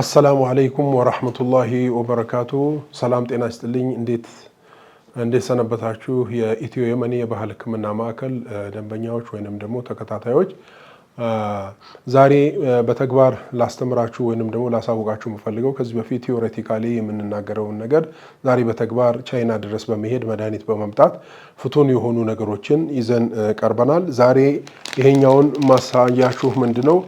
አሰላሙ አለይኩም ወራህመቱላሂ ወበረካቱ። ሰላም ጤና ይስጥልኝ። እንዴት እንዴት ሰነበታችሁ? የኢትዮ የመኒ የባህል ሕክምና ማዕከል ደንበኛዎች ወይንም ደግሞ ተከታታዮች ዛሬ በተግባር ላስተምራችሁ ወይንም ደግሞ ላሳውቃችሁ የምፈልገው ከዚህ በፊት ቲዎሬቲካሊ የምንናገረውን ነገር ዛሬ በተግባር ቻይና ድረስ በመሄድ መድኃኒት በመምጣት ፍቱን የሆኑ ነገሮችን ይዘን ቀርበናል። ዛሬ ይሄኛውን ማሳያችሁ ምንድ ነው?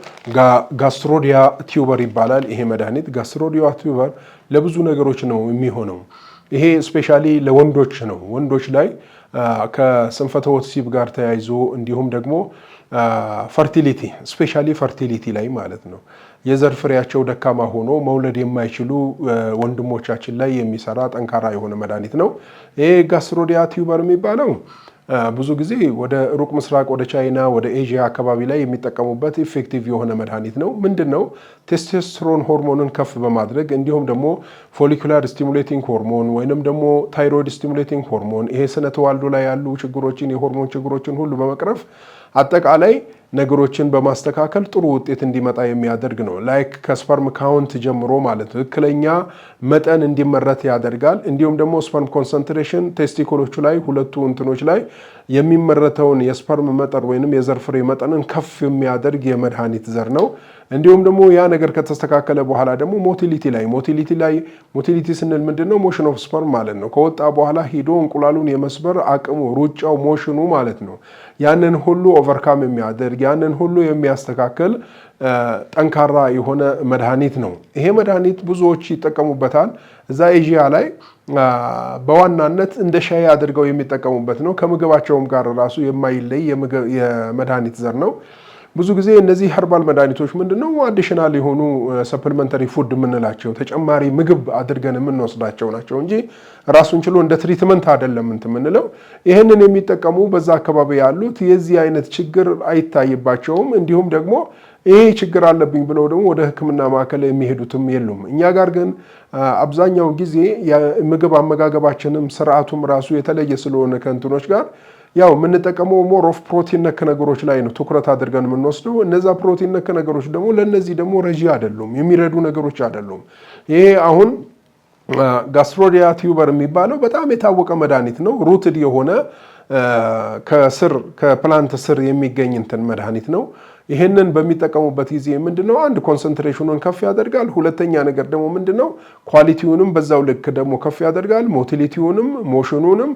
ጋስትሮዲያ ቲዩበር ይባላል። ይሄ መድኃኒት ጋስትሮዲያ ቲዩበር ለብዙ ነገሮች ነው የሚሆነው። ይሄ ስፔሻሊ ለወንዶች ነው። ወንዶች ላይ ከስንፈተ ወሲብ ጋር ተያይዞ እንዲሁም ደግሞ ፈርቲሊቲ ስፔሻሊ ፈርቲሊቲ ላይ ማለት ነው የዘር ፍሬያቸው ደካማ ሆኖ መውለድ የማይችሉ ወንድሞቻችን ላይ የሚሰራ ጠንካራ የሆነ መድኃኒት ነው። ይሄ ጋስትሮዲያ ቲዩበር የሚባለው ብዙ ጊዜ ወደ ሩቅ ምስራቅ ወደ ቻይና ወደ ኤዥያ አካባቢ ላይ የሚጠቀሙበት ኢፌክቲቭ የሆነ መድኃኒት ነው። ምንድን ነው? ቴስቴስትሮን ሆርሞንን ከፍ በማድረግ እንዲሁም ደግሞ ፎሊኩላር ስቲሙሌቲንግ ሆርሞን ወይንም ደግሞ ታይሮይድ ስቲሙሌቲንግ ሆርሞን ይሄ ስነ ተዋልዶ ላይ ያሉ ችግሮችን የሆርሞን ችግሮችን ሁሉ በመቅረፍ አጠቃላይ ነገሮችን በማስተካከል ጥሩ ውጤት እንዲመጣ የሚያደርግ ነው። ላይክ ከስፐርም ካውንት ጀምሮ ማለት ትክክለኛ መጠን እንዲመረት ያደርጋል። እንዲሁም ደግሞ ስፐርም ኮንሰንትሬሽን ቴስቲኮሎቹ ላይ ሁለቱ እንትኖች ላይ የሚመረተውን የስፐርም መጠን ወይም የዘር ፍሬ መጠንን ከፍ የሚያደርግ የመድኃኒት ዘር ነው። እንዲሁም ደግሞ ያ ነገር ከተስተካከለ በኋላ ደግሞ ሞቲሊቲ ላይ ሞቲሊቲ ላይ ሞቲሊቲ ስንል ምንድን ነው? ሞሽን ኦፍ ስፐርም ማለት ነው። ከወጣ በኋላ ሂዶ እንቁላሉን የመስበር አቅሙ፣ ሩጫው፣ ሞሽኑ ማለት ነው። ያንን ሁሉ ኦቨርካም የሚያደርግ ያንን ሁሉ የሚያስተካክል ጠንካራ የሆነ መድኃኒት ነው። ይሄ መድኃኒት ብዙዎች ይጠቀሙበታል። እዛ ኤዥያ ላይ በዋናነት እንደ ሻይ አድርገው የሚጠቀሙበት ነው። ከምግባቸውም ጋር ራሱ የማይለይ የመድኃኒት ዘር ነው። ብዙ ጊዜ እነዚህ ሀርባል መድኃኒቶች ምንድን ነው አዲሽናል የሆኑ ሰፕሊመንተሪ ፉድ የምንላቸው ተጨማሪ ምግብ አድርገን የምንወስዳቸው ናቸው እንጂ ራሱን ችሎ እንደ ትሪትመንት አይደለም እንትን የምንለው። ይህንን የሚጠቀሙ በዛ አካባቢ ያሉት የዚህ አይነት ችግር አይታይባቸውም። እንዲሁም ደግሞ ይህ ችግር አለብኝ ብለው ደግሞ ወደ ሕክምና ማዕከል የሚሄዱትም የሉም። እኛ ጋር ግን አብዛኛው ጊዜ የምግብ አመጋገባችንም ስርዓቱም ራሱ የተለየ ስለሆነ ከእንትኖች ጋር ያው የምንጠቀመው ሞር ኦፍ ፕሮቲን ነክ ነገሮች ላይ ነው ትኩረት አድርገን የምንወስደው። እነዛ ፕሮቲን ነክ ነገሮች ደግሞ ለእነዚህ ደግሞ ረዥ አይደሉም፣ የሚረዱ ነገሮች አይደሉም። ይሄ አሁን ጋስትሮዲያ ቲዩበር የሚባለው በጣም የታወቀ መድኃኒት ነው። ሩትድ የሆነ ከስር ከፕላንት ስር የሚገኝ እንትን መድኃኒት ነው። ይሄንን በሚጠቀሙበት ጊዜ ምንድነው አንድ ኮንሰንትሬሽኑን ከፍ ያደርጋል። ሁለተኛ ነገር ደግሞ ምንድነው ኳሊቲውንም በዛው ልክ ደግሞ ከፍ ያደርጋል። ሞቲሊቲውንም፣ ሞሽኑንም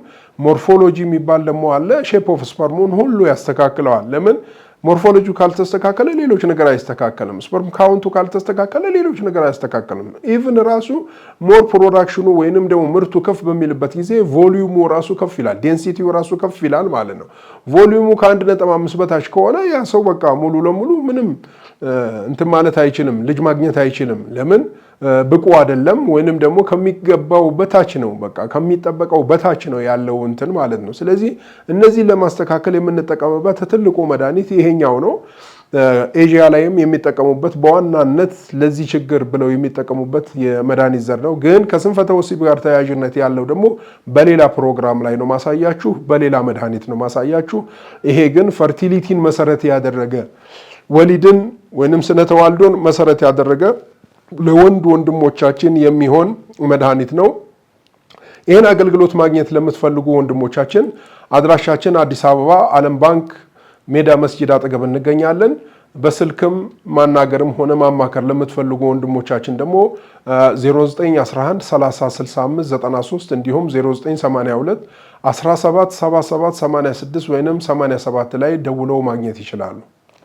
ሞርፎሎጂ የሚባል ደግሞ አለ። ሼፕ ኦፍ ስፐርሙን ሁሉ ያስተካክለዋል። ለምን ሞርፎሎጂ ካልተስተካከለ ሌሎች ነገር አይስተካከልም። ስፐርም ካውንቱ ካልተስተካከለ ሌሎች ነገር አይስተካከልም። ኢቭን ራሱ ሞር ፕሮዳክሽኑ ወይንም ደግሞ ምርቱ ከፍ በሚልበት ጊዜ ቮሊዩሙ ራሱ ከፍ ይላል፣ ዴንሲቲው ራሱ ከፍ ይላል ማለት ነው። ቮሊዩሙ ከአንድ ነጥብ አምስት በታች ከሆነ ያ ሰው በቃ ሙሉ ለሙሉ ምንም እንትን ማለት አይችልም፣ ልጅ ማግኘት አይችልም። ለምን ብቁ አይደለም ወይንም ደግሞ ከሚገባው በታች ነው፣ በቃ ከሚጠበቀው በታች ነው ያለው እንትን ማለት ነው። ስለዚህ እነዚህ ለማስተካከል የምንጠቀምበት ትልቁ መድኃኒት ይሄኛው ነው። ኤዥያ ላይም የሚጠቀሙበት በዋናነት ለዚህ ችግር ብለው የሚጠቀሙበት የመድኃኒት ዘር ነው። ግን ከስንፈተ ወሲብ ጋር ተያያዥነት ያለው ደግሞ በሌላ ፕሮግራም ላይ ነው ማሳያችሁ፣ በሌላ መድኃኒት ነው ማሳያችሁ። ይሄ ግን ፈርቲሊቲን መሰረት ያደረገ ወሊድን ወይንም ስነ ተዋልዶን መሰረት ያደረገ ለወንድ ወንድሞቻችን የሚሆን መድኃኒት ነው። ይህን አገልግሎት ማግኘት ለምትፈልጉ ወንድሞቻችን አድራሻችን አዲስ አበባ ዓለም ባንክ ሜዳ መስጂድ አጠገብ እንገኛለን። በስልክም ማናገርም ሆነ ማማከር ለምትፈልጉ ወንድሞቻችን ደግሞ 0911306593 እንዲሁም 0982 177786 ወይም 87 ላይ ደውለው ማግኘት ይችላሉ።